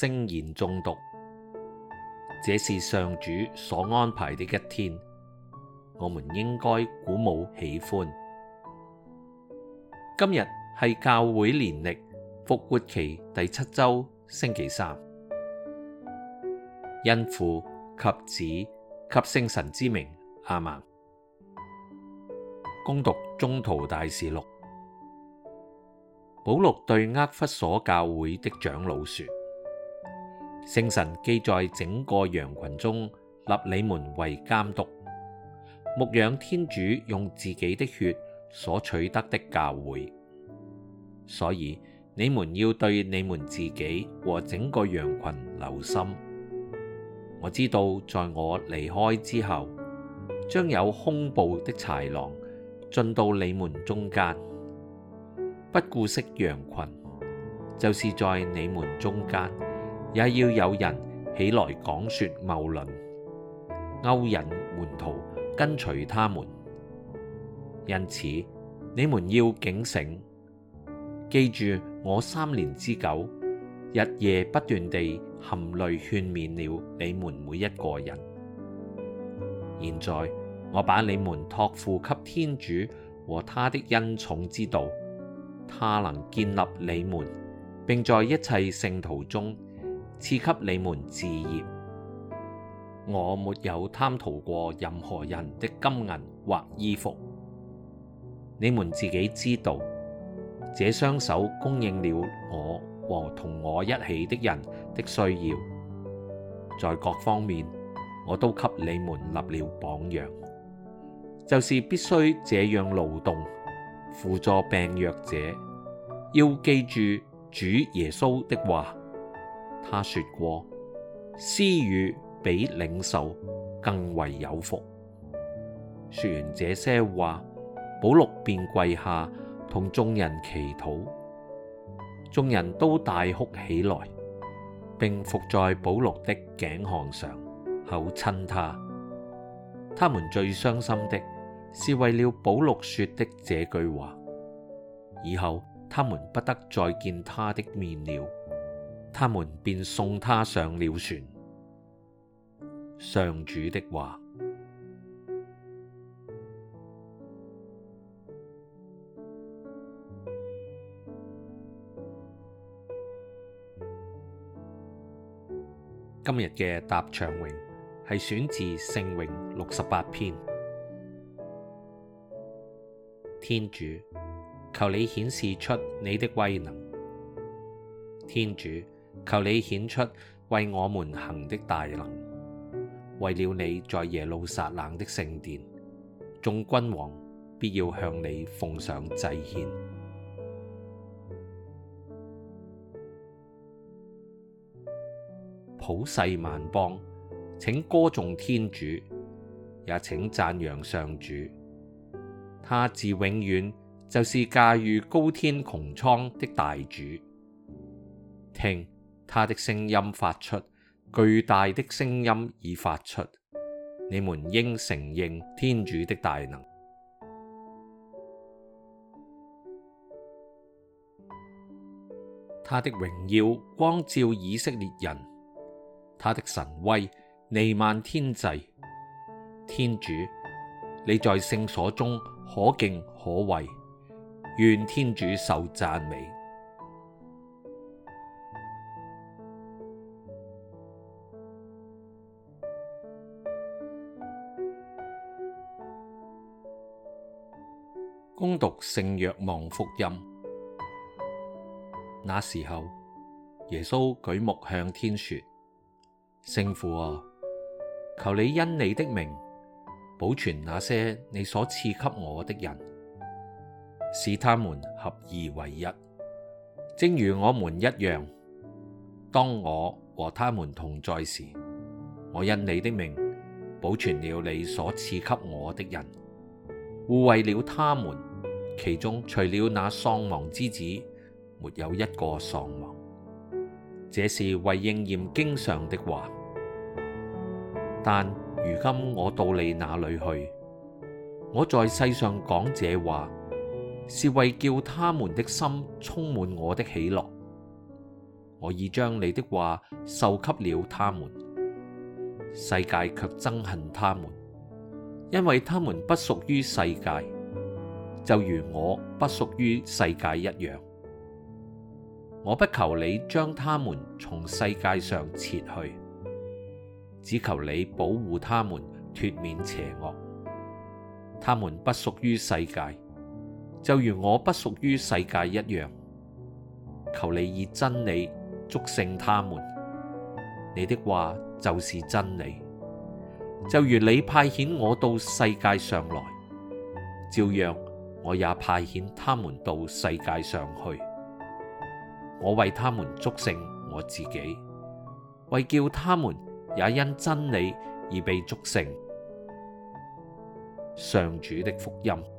聖言誦讀，這是上主所安排的一天，我們應該鼓舞喜歡。今日係教會年曆復活期第七周星期三，因父及子及聖神之名阿門。恭讀宗徒大事錄，保祿對厄弗所教會的長老說。聖神既在整個羊群中立你們為監督，牧養天主用自己的血所取得的教會，所以你們要對你們自己和整個羊群留心。我知道在我離開之後，將有兇暴的豺狼進到你們中間，不顧惜羊群，就是在你們中間。也要有人起來講說謬論，勾引門徒跟隨他們。因此，你們要警醒，記住我三年之久，日夜不斷地含淚勸勉了你們每一個人。現在，我把你們託付給天主和他的恩寵之道，他能建立你們，並在一切聖徒中。賜給你們嗣業，我沒有貪圖過任何人的金銀或衣服。你們自己知道，這雙手供應了我和同我一起的人的需要。在各方面，我都給你們立了榜樣，就是必須這樣勞動，扶助病弱者。要記住主耶穌的話。他說過，施予比領受更為有福。說完這些話，保祿便跪下同眾人祈禱，眾人都大哭起來，並伏在保祿的頸項上，口親他。他們最傷心的是為了保祿說的這句話，以後他們不得再見他的面了。他們便送他上了船。上主的話：今日嘅答唱詠係選自聖詠六十八篇。天主，求你顯示出你的威能，天主。求你顯出為我們行的大能，為了你在耶路撒冷的聖殿，眾君王必要向你奉上祭獻，普世萬邦，請歌頌天主，也請讚揚上主，祂自永遠就是駕馭高天穹蒼的大主。聽。他的聲音發出，巨大的聲音已發出。你們應承認天主的大能。他的榮耀光照以色列人，他的神威彌漫天際。天主，你在聖所中可敬可畏，願天主受讚美。恭讀聖若望福音。那時候，耶穌舉目向天說：聖父啊，求你因你的名保全那些你所賜給我的人，使他們合而為一，正如我們一樣。當我和他們同在時，我因你的名保全了你所賜給我的人，護衛了他們。其中除了那喪亡之子，沒有一個喪亡。這是為應驗經上的話。但如今我到你那裏去，我在世上講這話，是為叫他們的心充滿我的喜樂。我已將你的話授給了他們，世界却憎恨他們，因為他們不屬於世界。就如我不屬於世界一樣，我不求你將他們從世界上撤去，只求你保護他們脱免邪惡。他們不屬於世界，就如我不屬於世界一樣。求你以真理祝聖他們。你的話就是真理，就如你派遣我到世界上來，照樣。我也派遣他們到世界上去，我為他們祝聖我自己，為叫他們也因真理而被祝聖。上主的福音。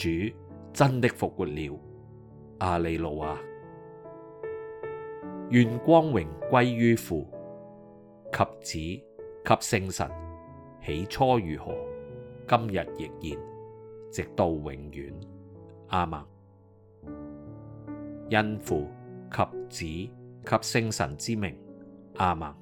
主真的復活了，阿利路亞、啊！願光榮歸於父及子及聖神，起初如何，今日亦然，直到永遠，阿孟。因父及子及聖神之名，阿孟。